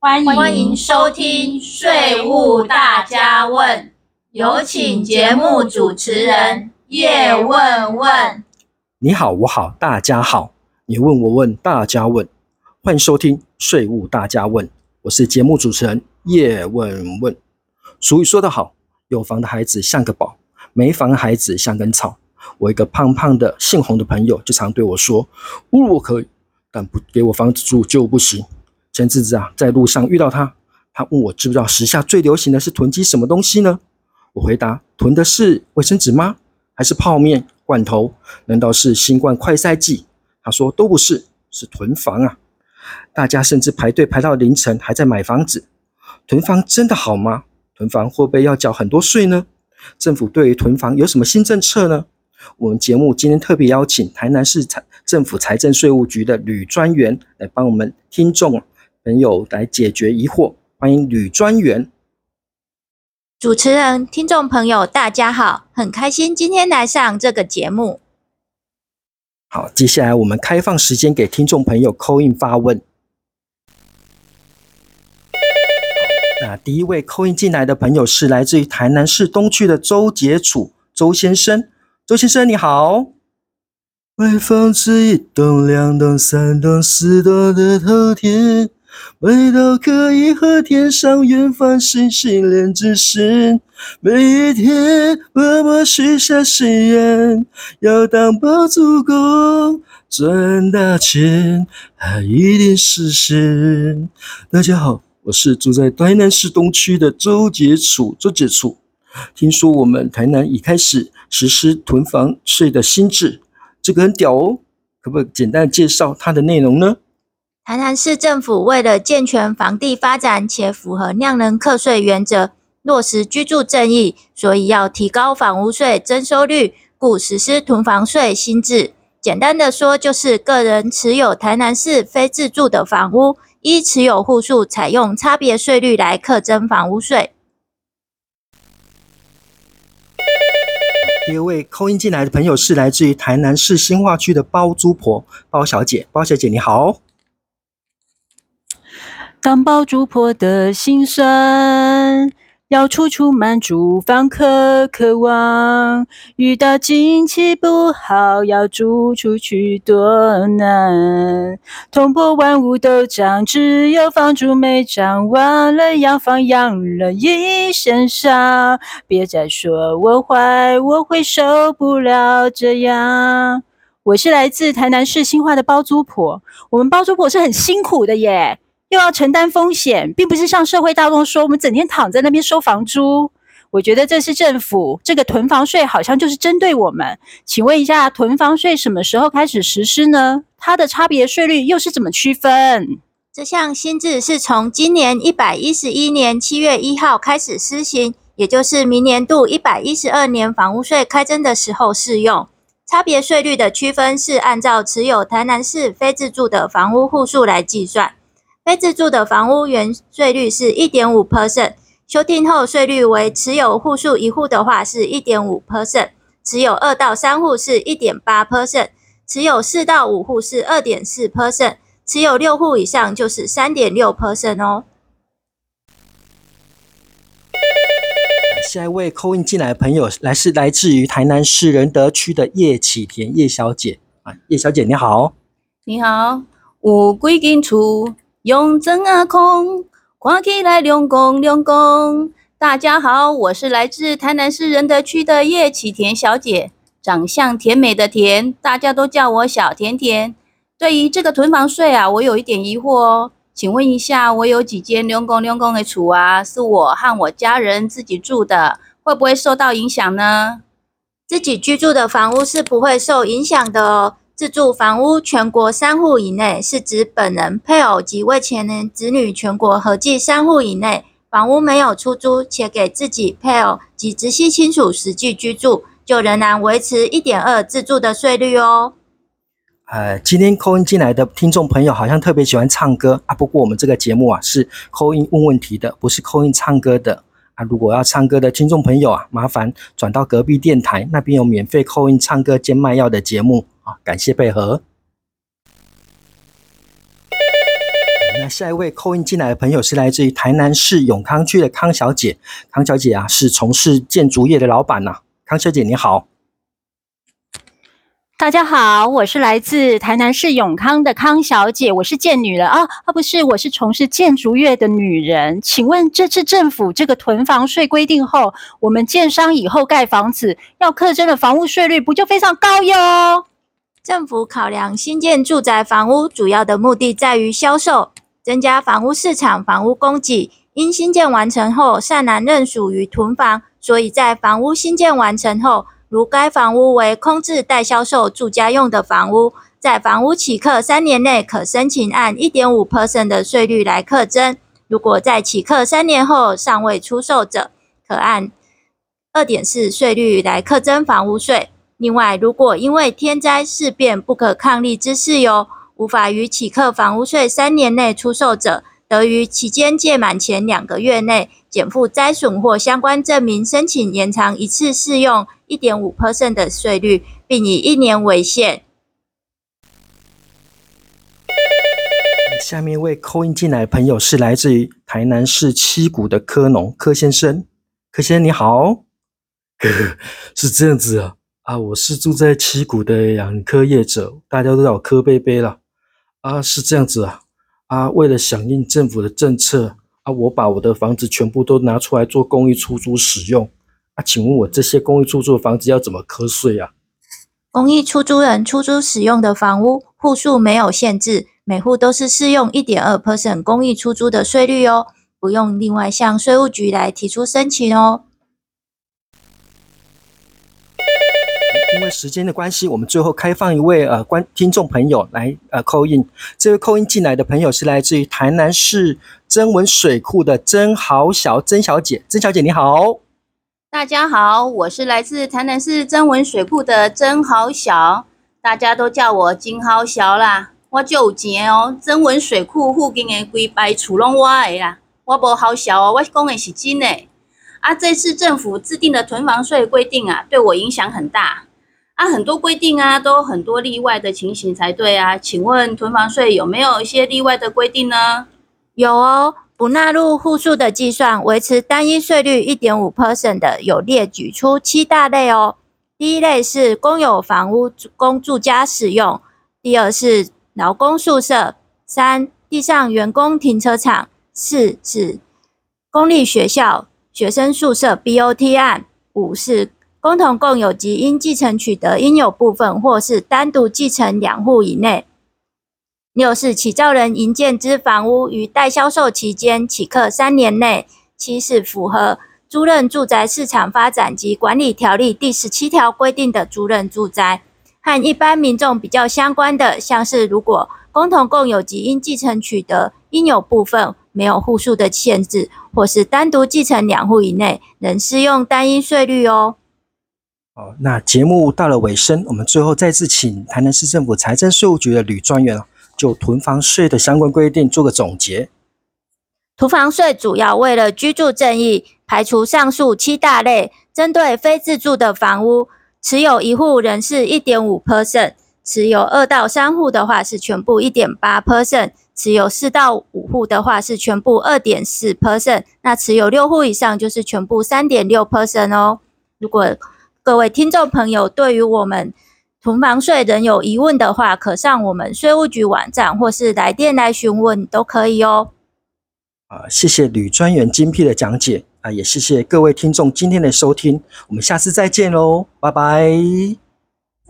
歡迎收聽《稅務大家問》，有請節目主持人葉問問。你好，我好，大家好，你問我問，大家問。歡迎收聽《稅務大家問》，我是節目主持人葉問問。俗語說得好，有房的孩子像個寶，沒房的孩子像根草。我一個胖胖的姓洪的朋友就常對我說：“侮辱我可以，但不給我房子住就不行。”前陣子啊，在路上遇到他，他問我知不知道時下最流行的是囤積什麼東西呢？我回答：囤的是衛生紙嗎？還是泡麵、罐頭？難道是新冠快篩劑？他說：都不是，是囤房啊！大家甚至排隊排到凌晨，還在買房子。囤房真的好嗎？囤房會不會要繳很多稅呢？政府對於囤房有什麼新政策呢？我們節目今天特別邀請台南市政府財政稅務局的呂專員來幫我們聽眾。朋友來解決疑惑，歡迎呂專員。主持人、聽眾朋友，大家好，很開心今天來上這個節目。好，接下來我們開放時間給聽眾朋友 call in 發問。那第一位 call in 進來的朋友是來自於台南市東區的周杰楚周先生，周先生你好。每到可以和天上遠方星星連成線，每一天默默許下心願，要當包租公賺大錢，還一定實現。大家好，我是住在台南市東區的周杰楚，周杰楚，聽說我們台南已開始實施囤房稅的新制，這個很屌哦，可不可以簡單介紹它的內容呢？台南市政府為了健全房地發展且符合量能課稅原則，落實居住正義，所以要提高房屋稅徵收率，故實施囤房稅新制。簡單的說，就是個人持有台南市非自住的房屋，依持有戶數採用差別稅率來課徵房屋稅。第一位 call in 進來的朋友是來自於台南市新化區的包租婆包小姐，包小姐你好。當包租婆的心酸，要處處滿足房客渴望。遇到景氣不好，要租出去多難。通膨萬物都漲，只有房租沒漲。忘了養房，養了一身傷。別再說我壞，我會受不了這樣。我是來自台南市新化的包租婆，我們包租婆是很辛苦的耶。又要承擔風險，並不是像社會大眾說，我們整天躺在那邊收房租。我覺得這是政府這個囤房稅，好像就是針對我們。請問一下，囤房稅什麼時候開始實施呢？它的差別稅率又是怎麼區分？這項新制是從今年一百一十一年七月一號開始施行，也就是明年度一百一十二年房屋稅開徵的時候適用。差別稅率的區分是按照持有台南市非自住的房屋戶數來計算。非自住的房屋原稅率是一點五 percent，修訂後稅率為持有戶數一戶的話是一點五 percent，持有二到三戶是一點八 percent，持有四到五戶是二點四 percent，持有六戶以上就是三點六 percent 哦。下一位 call in 進來的朋友，來是來自於台南市仁德區的葉啟田葉小姐啊，葉小姐你好，你好，我龜金初。用鎮阿、啊、空，歡起來兩公兩公。大家好，我是來自台南市仁德區的葉啟田小姐，長相甜美的甜，大家都叫我小甜甜。對於這個囤房稅啊，我有一點疑惑哦，請問一下，我有幾間兩公兩公的厝啊？是我和我家人自己住的，會不會受到影響呢？自己居住的房屋是不會受影響的哦。自住房屋全國三戶以內，是指本人、配偶及未成年子女全國合計三戶以內。房屋沒有出租，且給自己配偶及直系親屬實際居住，就仍然維持一點二自住的稅率哦。呃，今天 call in 進來的聽眾朋友好像特別喜歡唱歌啊。不過我們這個節目啊，是 call in 問問題的，不是 call in 唱歌的啊。如果要唱歌的聽眾朋友啊，麻煩轉到隔壁電台，那邊有免費 call in 唱歌兼賣藥的節目。啊、感謝配合。哎、那下一位 call in 進來的朋友是來自於台南市永康區的康小姐。康小姐啊，是從事建築業的老板吶、啊。康小姐你好。大家好，我是來自台南市永康的康小姐，我是建女人啊、哦，啊不是，我是從事建築業的女人。請問這次政府這個囤房稅規定後，我們建商以後蓋房子要課徵的房屋稅率不就非常高喲？政府考量新建住宅房屋主要的目的在於銷售，增加房屋市場房屋供給。因新建完成後尚難認屬於囤房，所以在房屋新建完成後，如該房屋為空置待銷售住家用的房屋，在房屋起課三年內可申請按一點五 percent 的稅率來課徵；如果在起課三年後尚未出售者，可按二點四稅率來課徵房屋稅。另外，如果因為天災事變、不可抗力之事由、哦，無法於起課房屋稅三年內出售者，得於期間屆滿前兩個月內，減負災損或相關證明，申請延長一次適用一點五%的稅率，並以一年為限。下面一位 call in 進來的朋友是來自於台南市七股的柯農柯先生。柯先生你好，呵呵，是這樣子啊。啊，我是住在七股的養科業者，大家都叫我柯貝貝了。啊，是這樣子啊。啊，為了響應政府的政策，啊，我把我的房子全部都拿出來做公益出租使用。啊，請問我這些公益出租的房子要怎麼課稅啊？公益出租人出租使用的房屋戶數沒有限制，每戶都是適用一點二 percent 公益出租的稅率哦，不用另外向稅務局來提出申請哦。因為時間的關係，我們最後開放一位呃觀聽眾朋友來呃扣音。這位扣音進來的朋友是來自於台南市曾文水庫的曾豪小曾小姐。曾小姐你好，大家好，我是來自台南市曾文水庫的曾豪小，大家都叫我金豪小啦。我就有錢哦，曾文水庫附近的幾排厝攏我的啦。我無豪小，啊，我的是公誒是金誒。啊，這次政府制定的囤房稅規定啊，對我影響很大。按、啊、很多規定啊，都很多例外的情形才對啊。請問囤房稅有沒有一些例外的規定呢？有哦，不納入戶數的計算，維持單一稅率一點五 percent 的，有列舉出七大類哦。第一類是公有房屋供住、住家使用，第二是勞工宿舍，三地上員工停車場，四是公立學校學生宿舍 BOT 案，五是。共同共有及因繼承取得應有部分，或是單獨繼承兩戶以內。六是起造人營建之房屋於待銷售期間起課三年內。七是符合租賃住宅市場發展及管理條例第十七條規定的租賃住宅，和一般民眾比較相關的，像是如果公同共有及因繼承取得應有部分沒有戶數的限制，或是單獨繼承兩戶以內，能適用單一稅率哦。好，那節目到了尾聲，我們最後再次請台南市政府財政稅務局的呂專員就囤房稅的相關規定做個總結。囤房稅主要為了居住正義，排除上述七大類，針對非自住的房屋，持有一戶人是1.5%，持有二到三戶的話是全部1.8%，持有四到五戶的話是全部2.4%，那持有六戶以上就是全部3.6%哦。如果各位聽眾朋友，對於我們囤房稅仍有疑問的話，可上我們稅務局網站或是來電來詢問，都可以哦。啊，謝謝呂專員精闢的講解啊，也謝謝各位聽眾今天的收聽，我們下次再見嘍，拜拜。